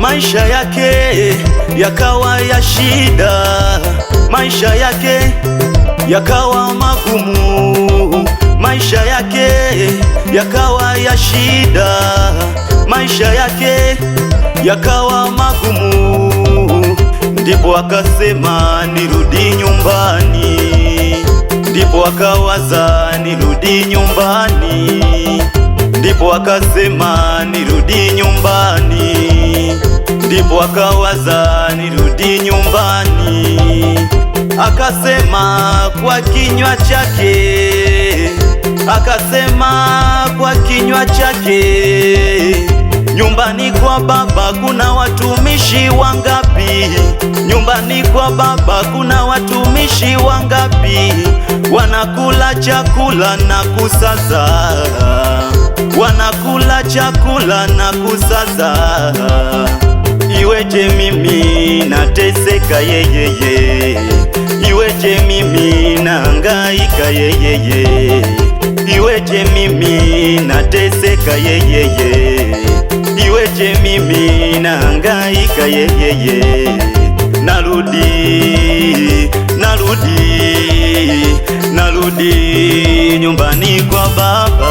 Maisha yake yakawa ya shida, maisha yake yakawa magumu, maisha yake yakawa ya shida, maisha yake yakawa magumu. Ndipo akasema nirudi nyumbani, ndipo akawaza nirudi nyumbani wakasema nirudi nyumbani, ndipo wakawaza nirudi nyumbani. Akasema kwa kinywa chake, akasema kwa kinywa chake Nyumbani kwa baba kuna watumishi wangapi? Nyumbani kwa baba kuna watumishi wangapi? Wanakula chakula na kusaza wanakula chakula na kusaza, iweje mimi nateseka yeyeye, iweje mimi naangaika yeyeye, iweje mimi nateseka yeyeye, iweje mimi naangaika yeyeye, narudi narudi narudi nyumbani kwa baba